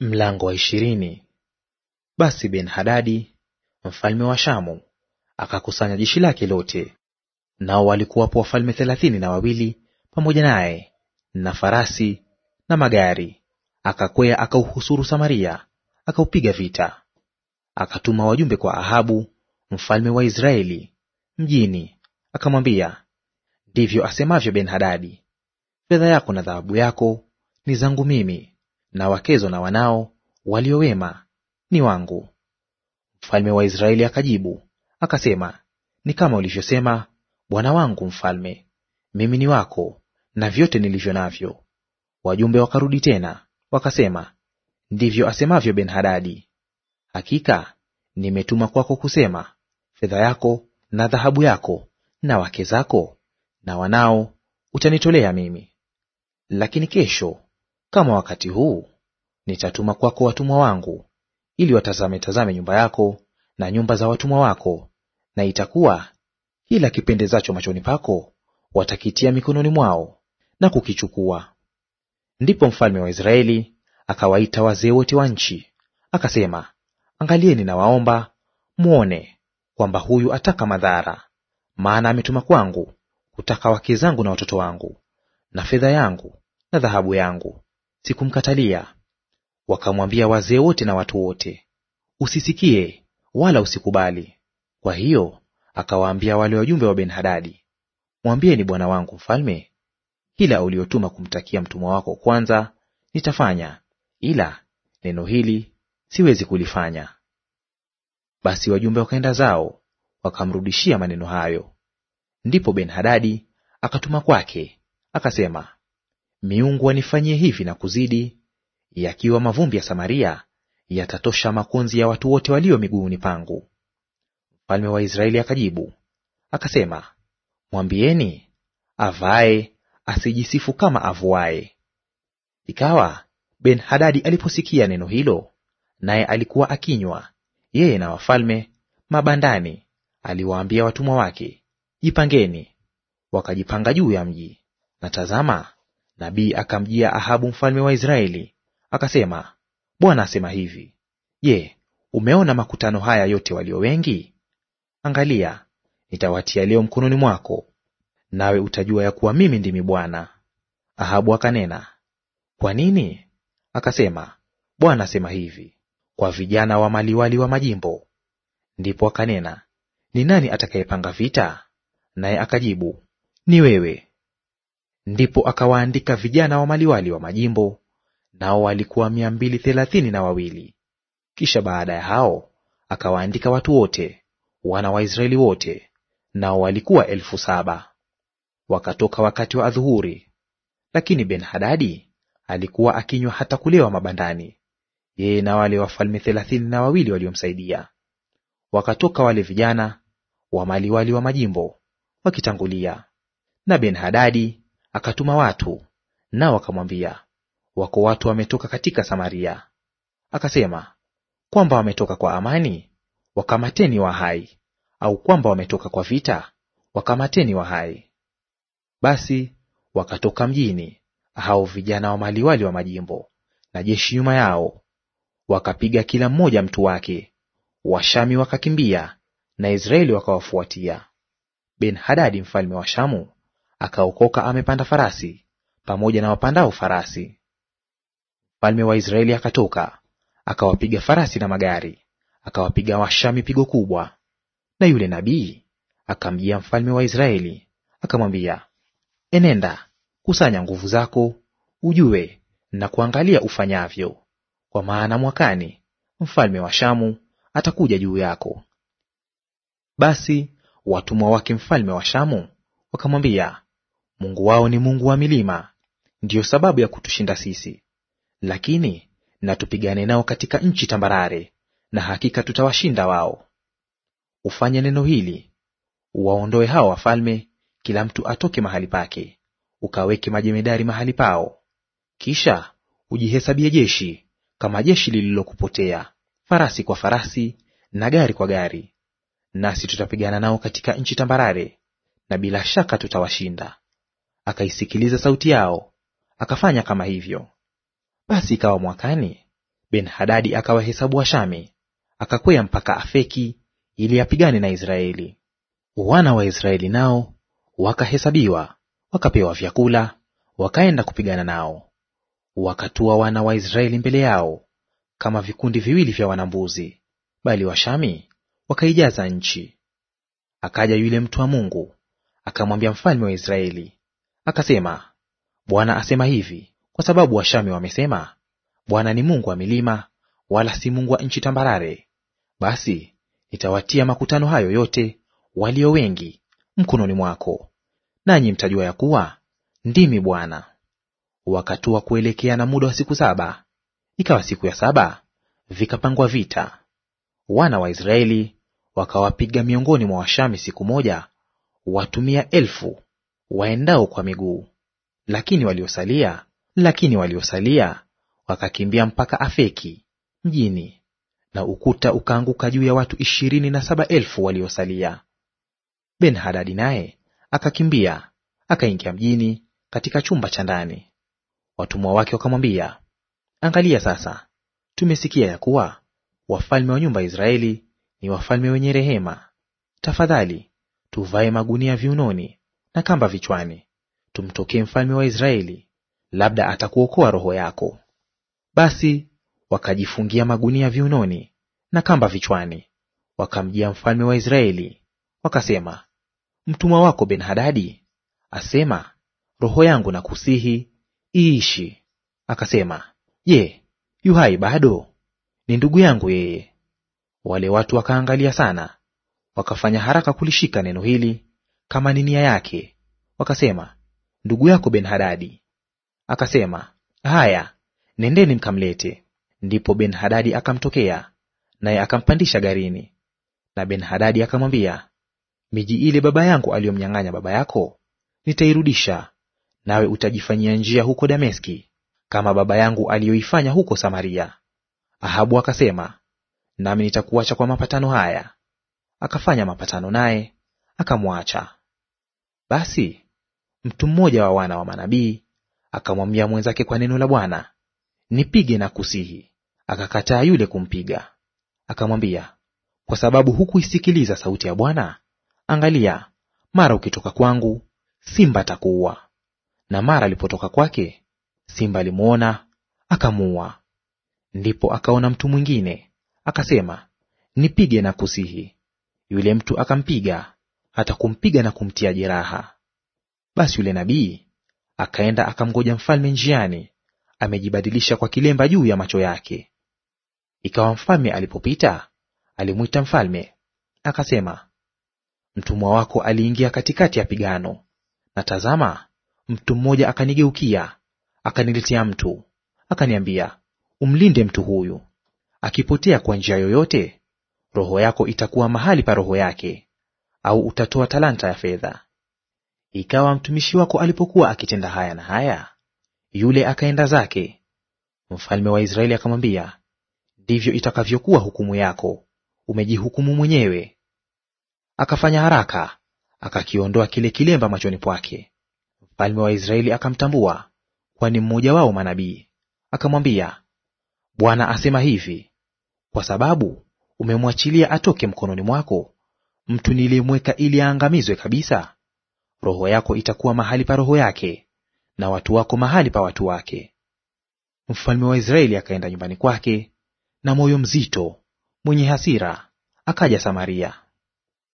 Mlango wa ishirini. Basi Ben-Hadadi mfalme wa Shamu akakusanya jeshi lake lote, nao walikuwapo wafalme thelathini na wawili pamoja naye na farasi na magari. Akakwea akauhusuru Samaria, akaupiga vita. Akatuma wajumbe kwa Ahabu mfalme wa Israeli mjini, akamwambia, ndivyo asemavyo Ben-Hadadi, fedha yako na dhahabu yako ni zangu mimi na wakezo na wanao walio wema ni wangu. Mfalme wa Israeli akajibu akasema, ni kama ulivyosema, bwana wangu mfalme, mimi ni wako na vyote nilivyo navyo. Wajumbe wakarudi tena wakasema, ndivyo asemavyo Ben-Hadadi, hakika nimetuma kwako kusema, fedha yako na dhahabu yako na wake zako na wanao utanitolea mimi. Lakini kesho kama wakati huu, nitatuma kwako watumwa wangu, ili watazame tazame nyumba yako na nyumba za watumwa wako; na itakuwa kila kipendezacho machoni pako watakitia mikononi mwao na kukichukua. Ndipo mfalme wa Israeli akawaita wazee wote wa nchi, akasema, Angalieni nawaomba mwone kwamba huyu ataka madhara, maana ametuma kwangu kutaka wake zangu na watoto wangu na fedha yangu na dhahabu yangu sikumkatalia. Wakamwambia wazee wote na watu wote, usisikie wala usikubali. Kwa hiyo akawaambia wale wajumbe wa benhadadi mwambie mwambieni bwana wangu mfalme, kila uliotuma kumtakia mtumwa wako kwanza nitafanya, ila neno hili siwezi kulifanya. Basi wajumbe wakaenda zao, wakamrudishia maneno hayo. Ndipo benhadadi akatuma kwake akasema, miungu anifanyie hivi na kuzidi, yakiwa mavumbi ya Samaria yatatosha makonzi ya watu wote walio miguuni pangu. Mfalme wa Israeli akajibu akasema, mwambieni avae asijisifu kama avuae. Ikawa Ben-Hadadi aliposikia neno hilo, naye alikuwa akinywa yeye na wafalme mabandani, aliwaambia watumwa wake, jipangeni. Wakajipanga juu ya mji, na tazama, nabii akamjia Ahabu mfalme wa Israeli akasema, Bwana asema hivi, Je, umeona makutano haya yote walio wengi? Angalia, nitawatia leo mkononi mwako, nawe utajua ya kuwa mimi ndimi Bwana. Ahabu akanena, kwa nini? Akasema, Bwana asema hivi, kwa vijana wa maliwali wa majimbo. Ndipo akanena, ni nani atakayepanga vita? Naye akajibu, ni wewe. Ndipo akawaandika vijana wa maliwali wa majimbo, nao walikuwa mia mbili thelathini na wawili. Kisha baada ya hao akawaandika watu wote wana wa Israeli wote, nao walikuwa elfu saba. Wakatoka wakati wa adhuhuri, lakini Ben-Hadadi alikuwa akinywa hata kulewa mabandani, yeye na wale wafalme thelathini na wawili waliomsaidia. Wakatoka wale vijana wa maliwali wa majimbo wakitangulia, na Ben-Hadadi akatuma watu, nao wakamwambia, wako watu wametoka katika Samaria. Akasema, kwamba wametoka kwa amani, wakamateni wa hai; au kwamba wametoka kwa vita, wakamateni wa hai. Basi wakatoka mjini hao vijana wa maliwali wa majimbo na jeshi nyuma yao, wakapiga kila mmoja mtu wake. Washami wakakimbia na Israeli wakawafuatia. Ben Hadadi mfalme wa Shamu akaokoka amepanda farasi pamoja na wapandao farasi. Mfalme wa Israeli akatoka akawapiga farasi na magari, akawapiga Washami pigo kubwa. Na yule nabii akamjia mfalme wa Israeli akamwambia, enenda kusanya nguvu zako, ujue na kuangalia ufanyavyo, kwa maana mwakani mfalme wa Shamu atakuja juu yako. Basi watumwa wake mfalme wa Shamu wakamwambia, Mungu wao ni Mungu wa milima, ndiyo sababu ya kutushinda sisi. Lakini na tupigane nao katika nchi tambarare, na hakika tutawashinda wao. Ufanye neno hili, uwaondoe hao wafalme, kila mtu atoke mahali pake, ukaweke majemedari mahali pao. Kisha ujihesabie jeshi kama jeshi lililokupotea, farasi kwa farasi na gari kwa gari. Nasi tutapigana nao katika nchi tambarare, na bila shaka tutawashinda akaisikiliza sauti yao, akafanya kama hivyo. Basi ikawa mwakani, Ben-Hadadi akawahesabu Washami, akakwea mpaka Afeki ili apigane na Israeli. Wana wa Israeli nao wakahesabiwa, wakapewa vyakula, wakaenda kupigana nao. Wakatua wana wa Israeli mbele yao kama vikundi viwili vya wanambuzi, bali Washami wakaijaza nchi. Akaja yule mtu wa Mungu akamwambia mfalme wa Israeli, Akasema, Bwana asema hivi, kwa sababu Washami wamesema, Bwana ni Mungu wa milima, wala si Mungu wa nchi tambarare. Basi nitawatia makutano hayo yote walio wengi mkononi mwako, nanyi mtajua ya kuwa ndimi Bwana. Wakatua kuelekea na muda wa siku saba. Ikawa siku ya saba vikapangwa vita. Wana wa Israeli wakawapiga miongoni mwa Washami siku moja watumia elfu waendao kwa miguu. Lakini waliosalia lakini waliosalia wakakimbia mpaka Afeki mjini, na ukuta ukaanguka juu ya watu ishirini na saba elfu waliosalia. Ben-Hadadi naye akakimbia akaingia mjini katika chumba cha ndani. Watumwa wake wakamwambia, angalia sasa, tumesikia ya kuwa wafalme wa nyumba ya Israeli ni wafalme wenye rehema. Tafadhali tuvae magunia viunoni na kamba vichwani, tumtokee mfalme wa Israeli, labda atakuokoa roho yako. Basi wakajifungia magunia viunoni na kamba vichwani, wakamjia mfalme wa Israeli wakasema, mtumwa wako Ben-Hadadi asema, roho yangu na kusihi iishi. Akasema, je, yuhai bado? Ni ndugu yangu yeye. Wale watu wakaangalia sana, wakafanya haraka kulishika neno hili kama ni nia yake. Wakasema, ndugu yako benhadadi Akasema, haya, nendeni mkamlete. Ndipo benhadadi akamtokea, naye akampandisha garini. Na benhadadi akamwambia, miji ile baba yangu aliyomnyang'anya baba yako nitairudisha, nawe utajifanyia njia huko Dameski, kama baba yangu aliyoifanya huko Samaria. Ahabu akasema, nami nitakuacha kwa mapatano haya. Akafanya mapatano naye, akamwacha. Basi mtu mmoja wa wana wa manabii akamwambia mwenzake kwa neno la Bwana, nipige na kusihi. Akakataa yule kumpiga. Akamwambia, kwa sababu hukuisikiliza sauti ya Bwana, angalia, mara ukitoka kwangu simba atakuua. Na mara alipotoka kwake simba alimwona akamuua. Ndipo akaona mtu mwingine akasema, nipige na kusihi. Yule mtu akampiga atakumpiga na kumtia jeraha. Basi yule nabii akaenda akamgoja mfalme njiani, amejibadilisha kwa kilemba juu ya macho yake. Ikawa mfalme alipopita, alimwita mfalme akasema, mtumwa wako aliingia katikati ya pigano, na tazama, mtu mmoja akanigeukia akaniletea mtu, akaniambia, umlinde mtu huyu; akipotea kwa njia yoyote, roho yako itakuwa mahali pa roho yake, au utatoa talanta ya fedha? Ikawa mtumishi wako alipokuwa akitenda haya na haya, yule akaenda zake. Mfalme wa Israeli akamwambia, ndivyo itakavyokuwa hukumu yako, umejihukumu mwenyewe. Akafanya haraka, akakiondoa kile kilemba machoni pwake. Mfalme wa Israeli akamtambua, kwani mmoja wao manabii. Akamwambia, Bwana asema hivi, kwa sababu umemwachilia atoke mkononi mwako mtu niliyemweka ili aangamizwe kabisa, roho yako itakuwa mahali pa roho yake, na watu wako mahali pa watu wake. Mfalme wa Israeli akaenda nyumbani kwake na moyo mzito, mwenye hasira, akaja Samaria.